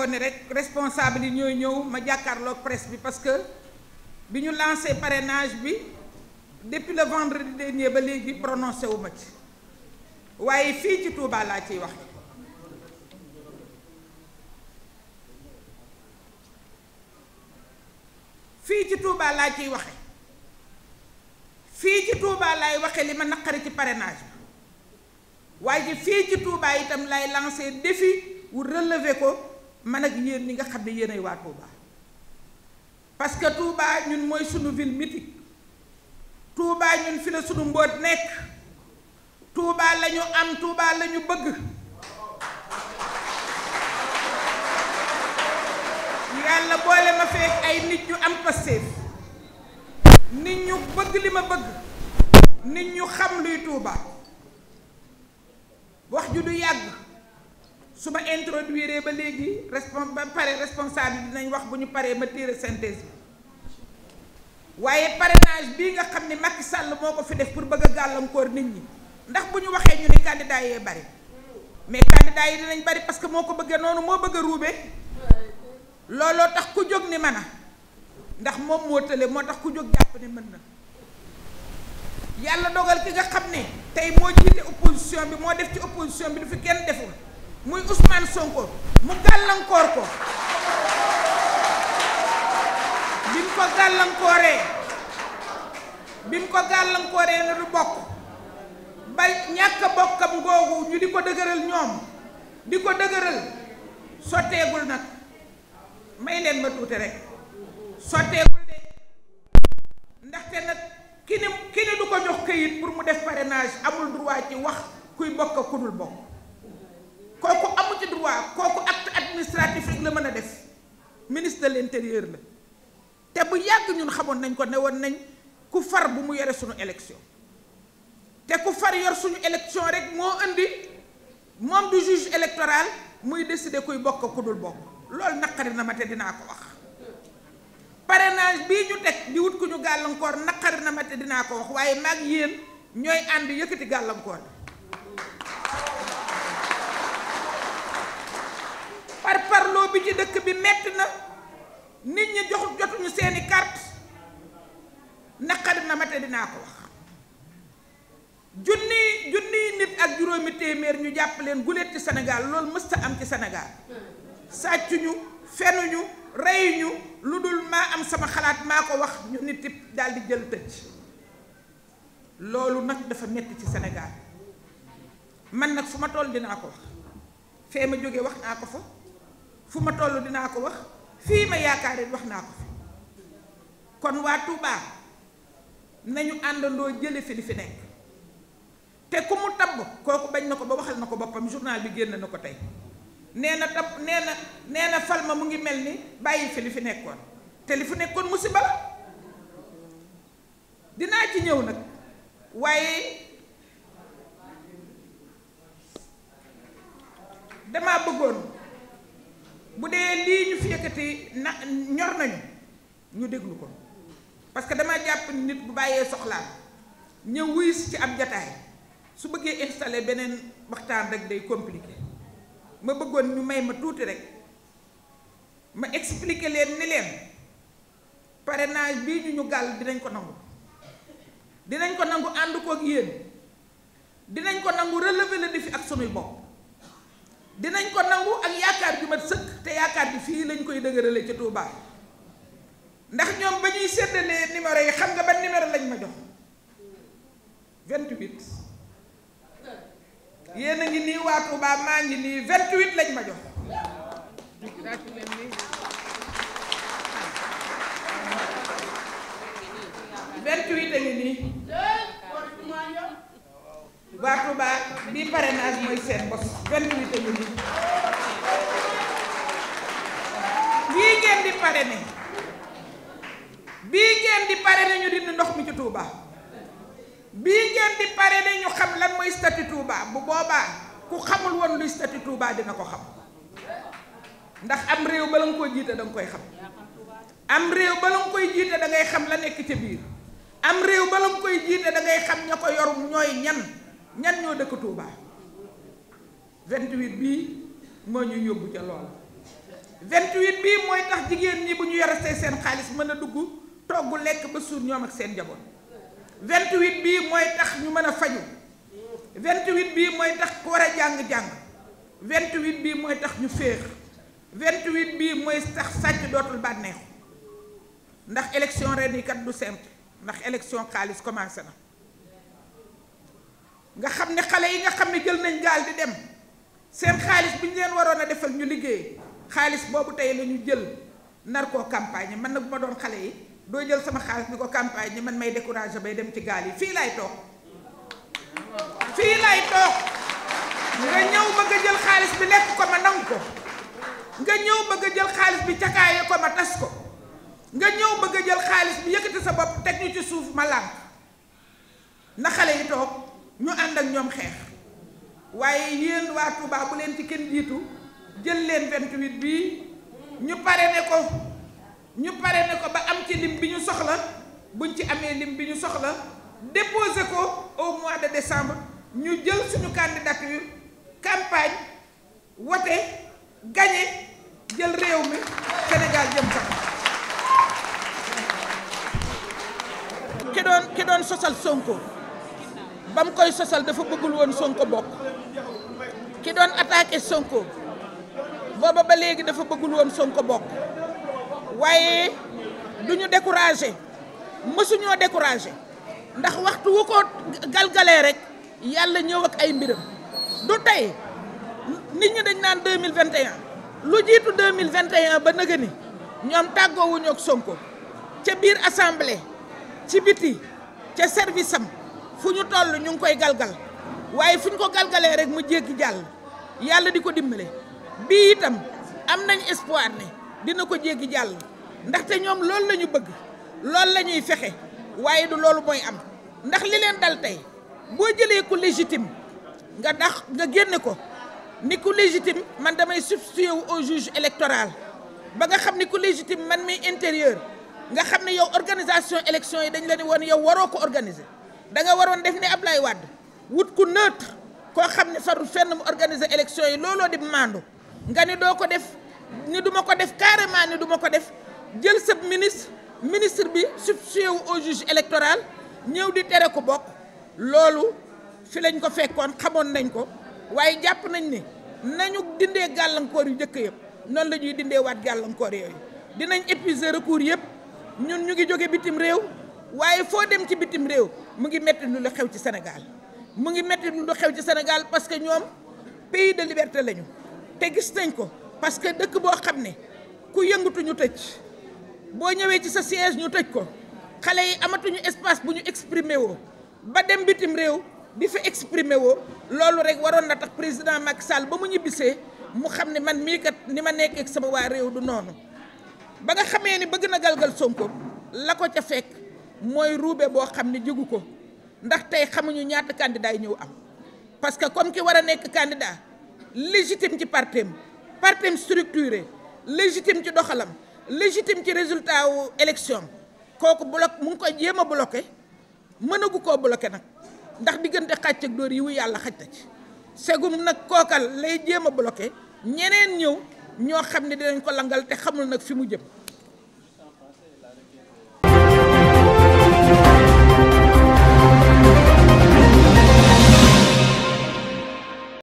ko ne rek responsable yi ñooy ñëw ma jàkkaarloog presse bi parce que bi ñu lancé parenage bi depuis le vendredi dernier ba léegi prononcé wu ma ci waaye fii ci Touba laa ciy wax ci Touba laa ciy waxe fii ci Touba laay waxe li ma naqari ci parenage bi waaye fii ci Touba itam lay lancé défi wu relever ko man ak yéen ñi nga xam ne yéenay waa Touba parce que Touba ñun mooy sunu ville mythique Touba ñun fi la sunu mboot nekk Touba lañu ñu am Touba la bëgg yàlla boole ma fekk ay nit ñu am pastéef nit ñu bëgg li ma bëgg nit ñu xam luy Touba wax ju du yàgg. su ma introduire ba léegi respon ba pare responsable dinañ wax bu ñu paree ma téere synthèse bi waaye parrainage bii nga xam ne Macky Sall moo ko fi def pour bëgg a gàllankoor nit ñi ndax bu ñu waxee ñu ni candidat yee bari mais candidat yi dinañ bari parce que moo ko bëggee noonu moo bëgg a ruube looloo tax ku jóg ni mën a ndax moom moo tële moo tax ku jóg jàpp ne mën na yàlla dogal ki nga xam ne tey moo jiite opposition bi moo def ci opposition bi du fi kenn deful. muy Ousmane Sonko mu gàllankoor ko bi mu ko gàllankooree bi mu ko gàllankooree ne du bokk ba ñàkk a bokkam googu ñu di ko dëgëral ñoom di ko dëgëral sotteegul nag may leen ma tuuti rek sotteegul de ndaxte nag ki ni ki ni du ko jox këyit pour mu def parrainage amul droit ci wax kuy bokk ak ku bokk loi kooku acte administratif rek la mën a def ministre de l'intérieur la te bu yàgg ñun xamoon nañ ko ne woon nañ ku far bu mu yore suñu élection te ku far yor suñu élection rek moo indi moom du juge électoral muy décider kuy bokk ku dul bokk loolu naqari na ma te dinaa ko wax parrainage bii ñu teg di wut ku ñu gàllankoor naqari na ma te dinaa ko wax waaye maag yéen ñooy ànd yëkkati gàllankoor bi ci dëkk bi metti na nit ñi jox jotuñu seeni carte naqari na ma te dinaa ko wax junni junni nit ak juróomi téeméer ñu jàpp leen guléet ci senegaal loolu mësta am ci Sénégal sàccuñu fenuñu reyuñu lu dul maa am sama xalaat maa ko wax ñu nit it jël tëj loolu nag dafa metti ci senegaal man nag fu ma toll dinaa ko wax fee ma jóge wax naa ko fa fu ma toll dinaa ko wax fii ma yaakaar it wax naa ko fi kon waa Touba nañu àndandoo jële fi li fi nekk te ku mu tabb kooku bañ na ko ba waxal na ko boppam journal bi génn na ko tey nee na tab nee na nee na fal ma mu ngi mel ni bàyyi fi li fi nekkoon te li fi nekkoon musiba la dinaa ci ñëw nag waaye damaa bëggoon bu dee lii ñu fi yëkkati na ñor nañu ñu déglu ko parce que dama jàpp nit bu bàyyee soxlaam ñëw wuyu ci ab jataay su bëggee installé beneen waxtaan rek day compliqué ma bëggoon ñu may ma tuuti rek ma expliqué leen ni leen pare parrainage bii ñu ñu gàll dinañ ko nangu dinañ ko nangu ànd kook yéen dinañ ko nangu relever le défi ak sunuy bopp dinañ ko nangu ak yaakaar ju mat sëkk te yaakaar bi fii lañ koy dëgërale ci Touba ndax ñoom ba ñuy séddalee numéro yi xam nga ban numéro lañ ma jox 28 yéen a ngi nii waa Touba maa ngi nii 28 lañ ma jox vingt-huit a ngi nii waa Touba bi parrainage mooy seen bos vingt-huit a ngi bii ngeen di parrainé bii ñu dindi ndox mi ci Touba bii ngeen di parrainé ñu xam lan mooy statut Touba bu boobaa ku xamul woon luy statut Touba dina ko xam ndax am réew bala nga koy jiite da nga koy xam am koy jiite xam la nekk ca biir am réew bala nga koy jiite da xam ña ko yor ñooy ñan ñan ñoo dëkk Touba 28 bii moo ñu yóbbu ca lool 28 bii mooy tax jigéen ñi bu ñu yara yorasee seen xaalis mën a dugg togg lekk ba suur ñoom ak seen njaboot 28 bii mooy tax ñu mën a faju 28 bii mooy tax ku war a jàng-jàng 28 bii mooy tax ñu féex 28 bii mooy tax sàcc dootul bànneexu ndax élection ren yi kat du sent ndax élection xaalis commencé na nga xam ne xale yi nga xam ne jël nañ gaal di dem seen xaalis bi ñu leen waroon a defal ñu liggéey xaalis boobu tey la ñu jël nar koo campagne man na bu ma doon xale yi doo jël sama xaalis bi ko campagne yi man may découragé bay dem ci gaal yi fii laay toog fii laay toog nga ñëw bëgg a jël xaalis bi lekk ko ma nangu ko nga ñëw bëgg a jël xaalis bi cakaaye ko ma tas ko nga ñëw bëgg a jël xaalis bi yëkkati sa bopp teg ñu ci suuf ma lànk na xale yi ñu ànd ak ñoom xeex waaye yéen waa Touba bu leen ci kenn jiitu jël leen 28 bii ñu pare ne ko ñu pare ne ko ba am ci lim bi ñu soxla buñ ci amee lim bi ñu soxla déposer ko au mois de décembre ñu jël suñu candidature campagne wote gagné jël réew mi Sénégal jëm sax ki doon ki doon sosal Sonko ba mu koy sosal dafa bëggul woon Sonko bokk ki doon attaqué Sonko booba ba léegi dafa bëggul woon Sonko bokk waaye duñu ñu découragé mësuñoo découragé ndax waxtu wu ko galgalee rek yàlla ñëw ak ay mbiram du tey nit ñi dañ naan 2021 lu jiitu 2021 ba nëga ni ñoom tàggoowuñu ak Sonko ca biir assemblée ci biti ca service am fu ñu toll ñu ngi koy galgal waaye fu ñu ko galgalee rek mu jéggi jàll yàlla di ko dimbale bii itam am nañ espoir ne dina ko jéggi jàll ndaxte ñoom loolu la ñu bëgg loolu la ñuy fexe waaye du loolu mooy am ndax li leen dal tey boo jëlee ku légitime nga dax nga génne ko ni ku légitime man damay substitué wu au juge électoral ba nga xam ni ku légitime man mi intérieur nga xam ne yow organisation élection yi dañ la ne woon yow waroo ko organiser da nga waroon def ni Ablaye Wade wut ku neutre koo xam ne farul fenn mu organiser élection yi looloo di maandu nga ni doo ko def ni duma ko def carrément ni duma ko def jël sëb ministre ministre bi substitué wu au juge électoral ñëw di tere ko bokk loolu fi lañ ko fekkoon xamoon nañ ko waaye jàpp nañ ni nañu dindee gàllankoor yu njëkk yëpp noonu la ñuy dindee waat gàllankoor yooyu dinañ épuiser recours yëpp ñun ñu ngi jóge bitim réew waaye foo dem ci bitim réew mu ngi metti lu lu xew ci Sénégal mu ngi metti lu lu xew ci Sénégal parce que ñoom pays de liberté lañu te gis nañ ko parce que dëkk boo xam ne ku yëngatu ñu tëj boo ñëwee ci sa siège ñu tëj ko xale yi amatuñu espace bu ñu exprimer woo ba dem bitim réew bi fi exprimer woo loolu rek waroon na tax président Macky Sall ba mu ñibbisee mu xam ne man mii ni ma nekkee sama waa réew du noonu ba nga xamee ni bëgg na galgal Sonko la ko ca fekk. mooy ruube boo xam ne jigu ko ndax tey xamuñu ñaata candidat ñëw am parce que comme ki war a nekk candidat légitime ci partem partem structuré légitime ci doxalam légitime ci résultat wu élection kooku bloqué mu ngi koy jéem a bloqué mënagu koo bloqué nag ndax diggante xàcc ak dóor yi wu yàlla xaj na ci segum nag kookal lay jéem a bloqué ñeneen ñëw ñoo xam ne dinañ ko langal te xamul nag fi mu jëm